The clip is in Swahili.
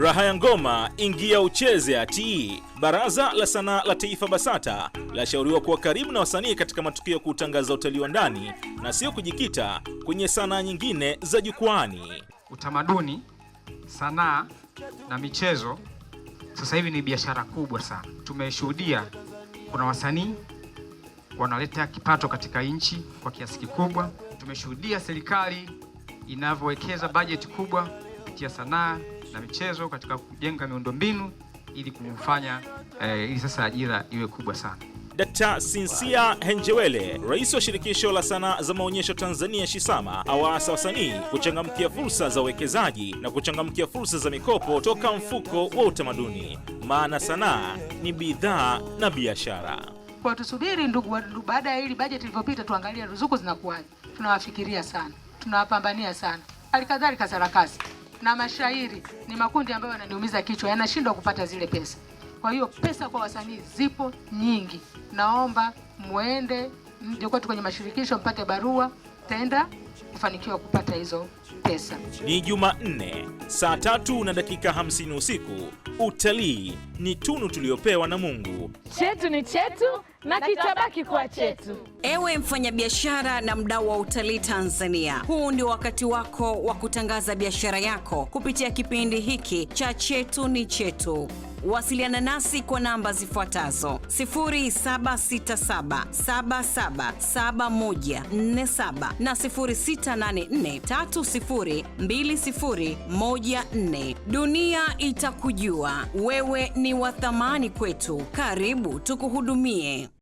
Raha ya ngoma ingia ucheze ati. Baraza la Sanaa la Taifa BASATA lashauriwa kuwa karibu na wasanii katika matukio ya kutangaza utalii wa ndani na sio kujikita kwenye sanaa nyingine za jukwani. Utamaduni, sanaa na michezo sasa hivi ni biashara kubwa sana. Tumeshuhudia kuna wasanii wanaleta kipato katika nchi kwa kiasi kikubwa. Tumeshuhudia serikali inavyowekeza bajeti kubwa kupitia sanaa na michezo katika kujenga miundombinu ili kumfanya eh, ili sasa ajira iwe kubwa sana. Dkt. Sinsia Henjewele, Rais wa Shirikisho la Sanaa za Maonyesho Tanzania Shisama, awaasa wasanii kuchangamkia fursa za uwekezaji na kuchangamkia fursa za mikopo toka mfuko wa utamaduni, maana sanaa ni bidhaa na biashara. Kwa tusubiri ndugu, baada ya hili bajeti ilivyopita, tuangalie ruzuku zinakuwaje. Tunawafikiria sana, tunawapambania sana, halikadhalika sarakasi na mashairi ni makundi ambayo yananiumiza kichwa, yanashindwa kupata zile pesa. Kwa hiyo pesa kwa wasanii zipo nyingi, naomba mwende mje kwenye mashirikisho mpate barua tutaenda kufanikiwa kupata hizo pesa. Ni Jumanne saa tatu na dakika hamsini usiku. Utalii ni tunu tuliyopewa na Mungu. Chetu ni chetu na kitabaki kuwa chetu. Ewe mfanyabiashara na mdau wa utalii Tanzania, huu ndio wakati wako wa kutangaza biashara yako kupitia kipindi hiki cha Chetu ni Chetu. Wasiliana nasi kwa namba zifuatazo 0767777147 na 0684302014. Dunia itakujua wewe ni wa thamani kwetu. Karibu tukuhudumie.